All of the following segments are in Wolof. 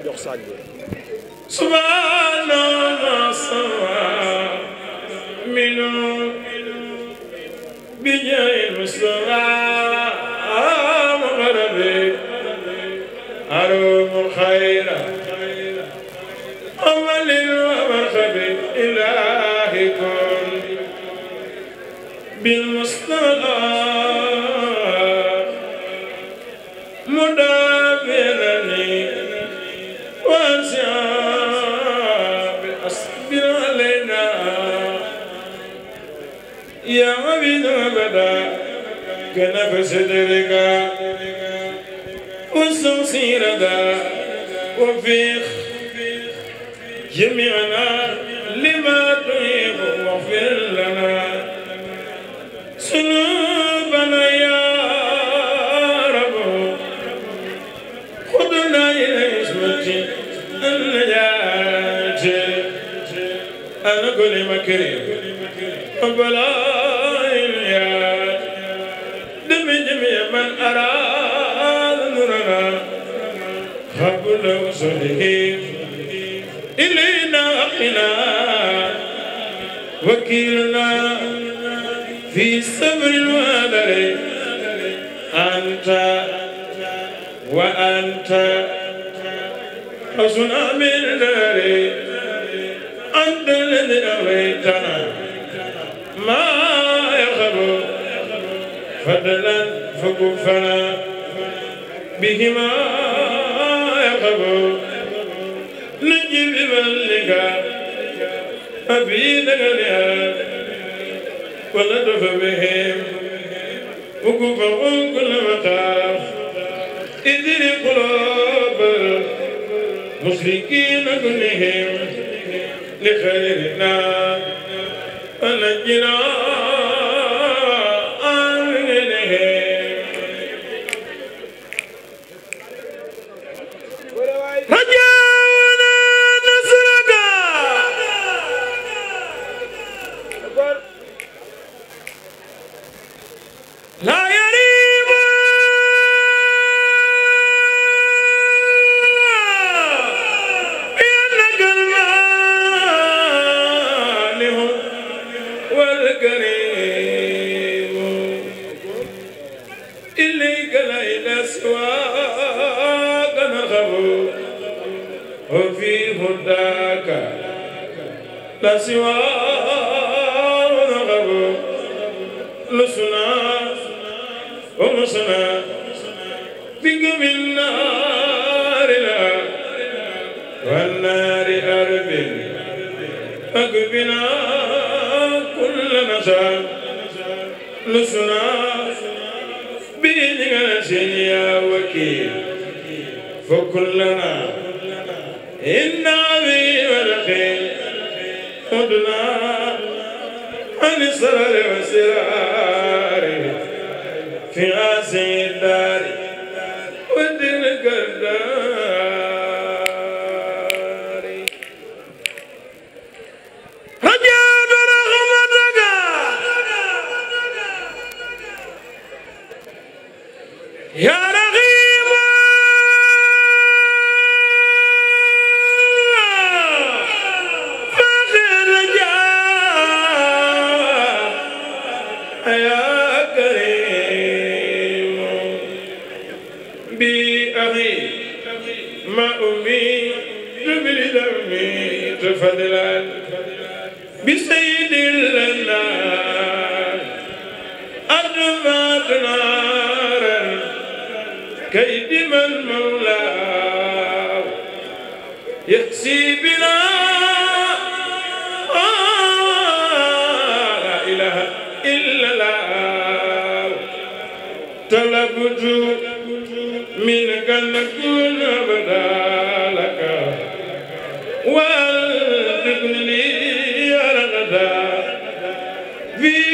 ko jox saag bi subhanallah sawa minu bi ñëy mustafa mugharabi arum khayra awalin wa marhabi ilahikum bil mustafa كنف صدرك وسم سيرك وفيخ جميعنا لما تحب واغفر لنا سنوبنا يا رب خذنا إلى عصمتي النجاة أنا كل مكرم وبلاء ورسله إلينا أخنا وكيلنا في صبر الوبر أنت وأنت حسن من داري أنت الذي أويتنا ما يخلو فضلا فكفنا بهما أغلبه نجي بملكا أبي دغلها ولطف بهم وكفهم كل مطاف إذ القلوب مشركين كلهم لخيرنا ونجنا كريم إليك ليلى سواك نغب وفي هداك لا سواك كلنا إنا بورق هدنا عن السرر والسرار في عسير بالدم تفضلا بسيد الأنام أدفعت نارا كيد من مولاه يحسي بنا لا إله إلا الله طلبت منك نكون أبدا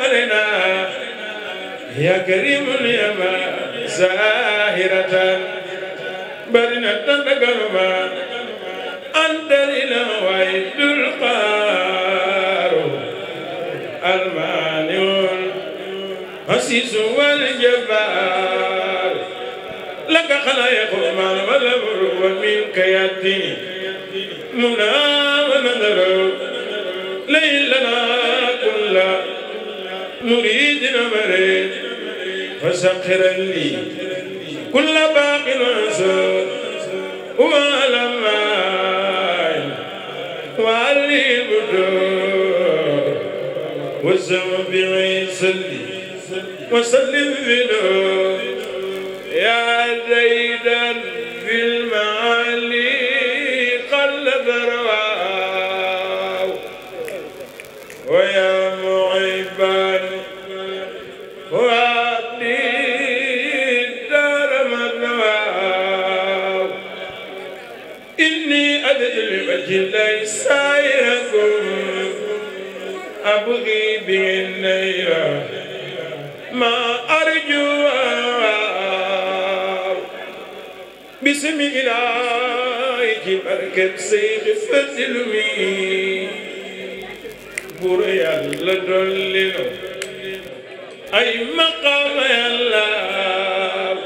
علينا يا كريم اليما زاهرة برنا تنقلما أنت لنا ويد القار المانع العزيز والجبار لك خلايق الرحمن والأمر ومنك يدين منا ونذر وسخر لي كل باق منصور ولما وعلي البدور والزم بعيسلي وسلم بنور يا زيدان لله سائركم أبغي به النيرة ما أرجو باسم إلهي بركة سيد فتلمي بريا لدلنا أي مقام يا الله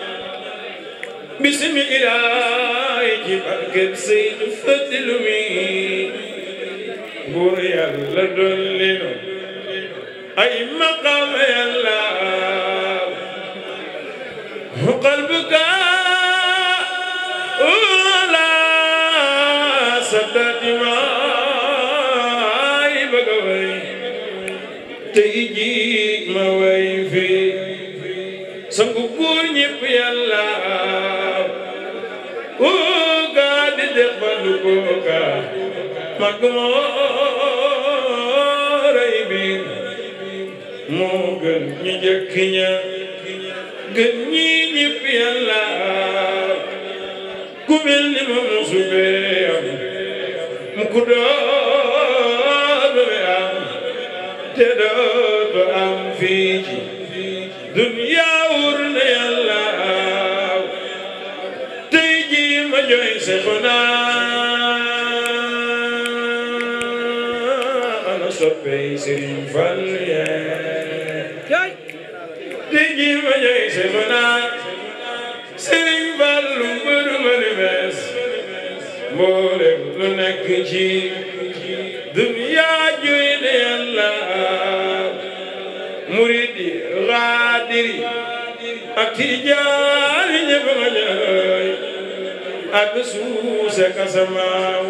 باسم إلهي ji barkeb Seydu Fadilu mi buur yàlla dolli nu ay maqaam yàlla huqal bukaa la saddaati maay bëgg a way tey ji ma way fi sangu góor ñépp yàlla يقبلك مغاري بين موغن نجكنيا غني نيب يلا كومل نيم مسوبيا مكودا تدوت أم فيجي دنيا ورنا يلا تيجي مجوي سخنا soppey Serigne Fall yaay déggi ma ñooy sama naar Serigne Fall lu mbër ma ni bees mboolem lu nekk ci duniyaa juy ne yàlla muridi xaadiri ak tijaani ñëpp ma ñooy ak suusa kasamaaw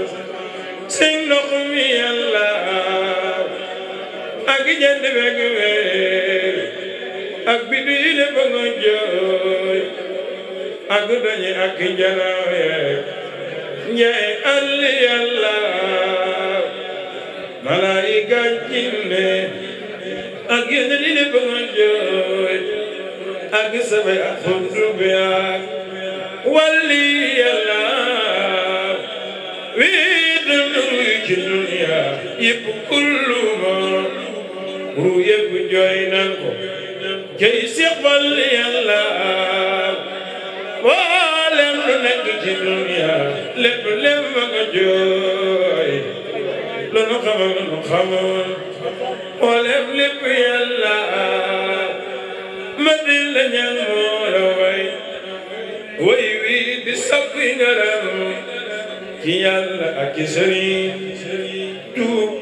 seen ndox mi yàlla jant beeg weer ak biddu yi le ba ngoon jooy ak doñi ak njanaawe ñaay àll yàlla malaayika jinne ak yeneen yi le ba jooy ak sabay ak xundu bi ak walli yàlla wii dundul ci dunya yëpp kullu ru yëpp jooy nan ko jëy siqbal yàlla waa lem lu nekk ci dunya lépp lem ma ko jooy lu nu xamal lu nu xamal lem lépp yàlla ma di la ñaan way way wii di sàpp ngaram ci yàlla ak sëriñ tuub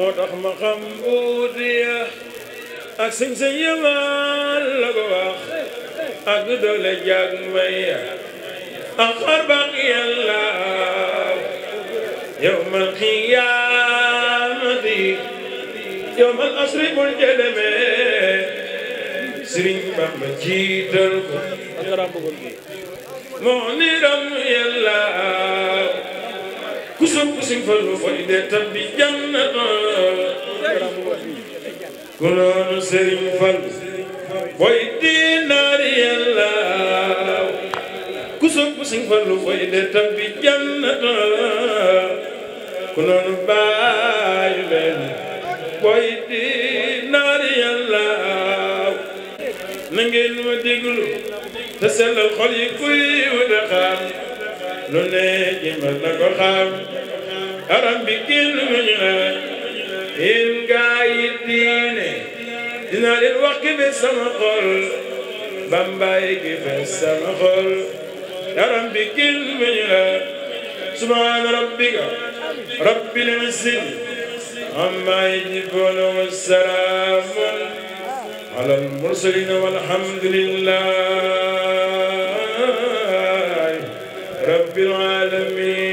moo tax ma xam buutiya ak sëñ sa yëmal la ko wax ak du doole jag maya ak xarbaq yàlla yawmal xiyaamati yawmal asri bul jëleme Sëriñ Bamba jiital ko moo niram yàlla كسم كسم فلو فإذا تبي جنة كلون سرين فل ويدي ناري الله كسم كسم فلو فإذا تبي جنة كلون بايلن ويدي ناري الله نجل ودقلو تسلل خلي كوي ودخان lu ne jëmbat na ko xam aram bi kenn mu ñu laaj yéen gaa yi diine dina leen wax ki fees sama xol bambay ki fees sama xol aram bi kenn mu ñu laaj subhaana rabbika rabbil izzati ammaa yasifuun wa salaamun alal mursaliin walhamdulillah rabbil alamin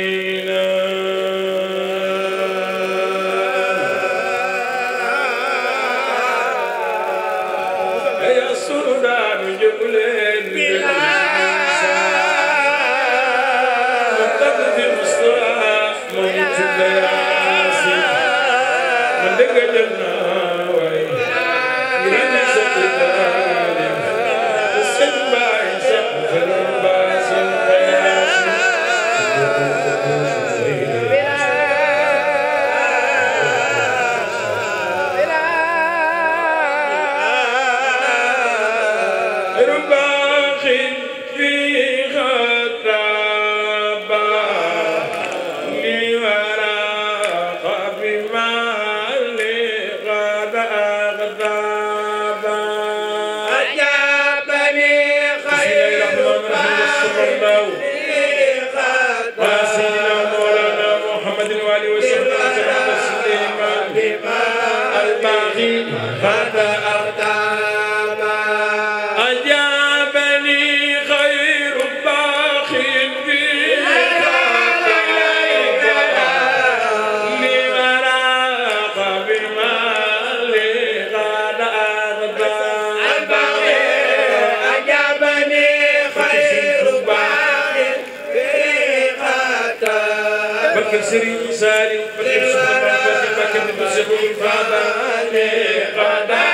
bi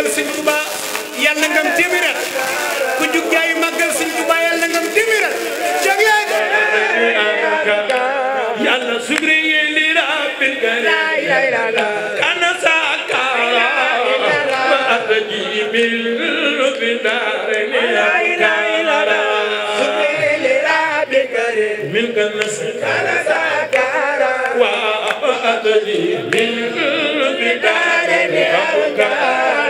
màggal sëñ Touba yàlla ngam téeméer at ku jug jaayu màggal sëñ Touba yàlla ngam téeméer at jagleen yàlla sugri li rabbil karim kana sakara ma atajibil منك النسل على سكارة وأبعدني من قلبي دار الأوكار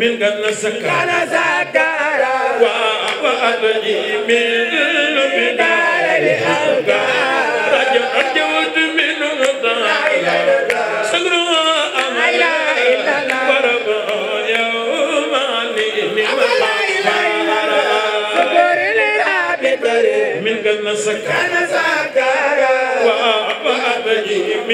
من قبل سكر أنا سكر وأبدي من بدار الأوقات رجع أجود من رضا سكر أمل ورب يوم من قبل سكر أنا سكر لا إله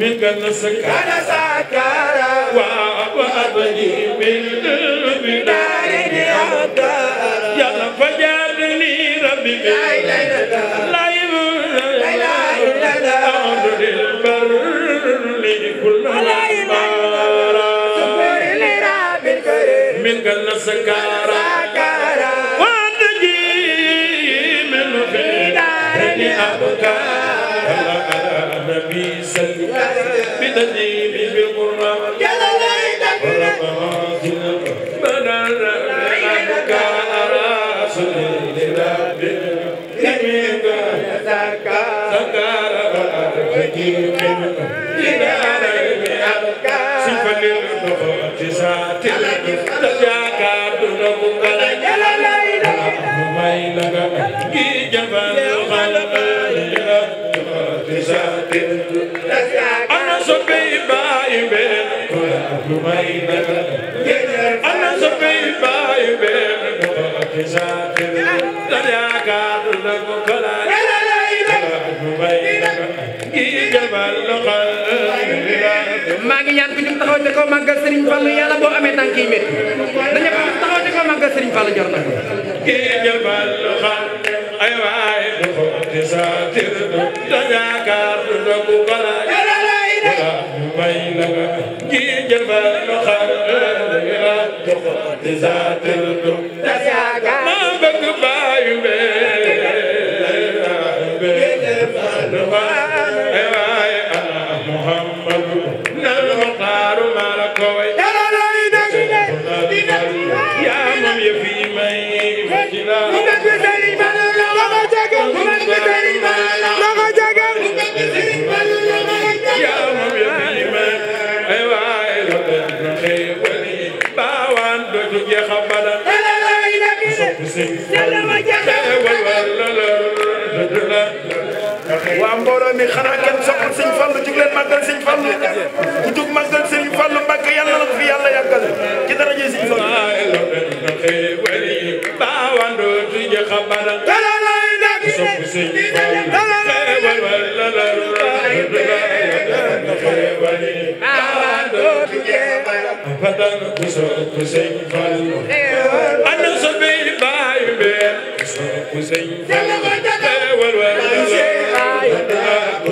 من كان سكارا كان سكارا وأبدي بالقلب داري أبدارا يا فجرني ربي لا إله إلا الله أمر البر لكل الأمارة من كان سكارا Give maa ngi ñaan ku ñu taxaw te ko màggal Serigne Fallou yàlla boo amee tànk yi métti dañu ko taxaw te ko màggal Serigne Fallou jor na ko ساتر تذاكر رب بلا may la nga ji jël ba loxar la jox desater do tasaka ma bëgg baayu be be jël ba loxar ay ay ana muhammadu na loxar waa mbooloo mi xanaa kenn soppal sëñ Fallu jug leen màggal sëñ Fallu ku jug màggal sëñ Fallu Mbàkke yàlla la fi yàlla yàggal ci daraje sëñ Fallu حسين والوالد والوالد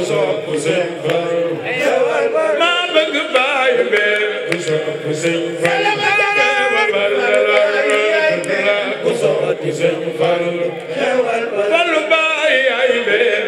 وصاب حسين ما بق باي بيب وصاب حسين وصاب حسين فل باي اي بيب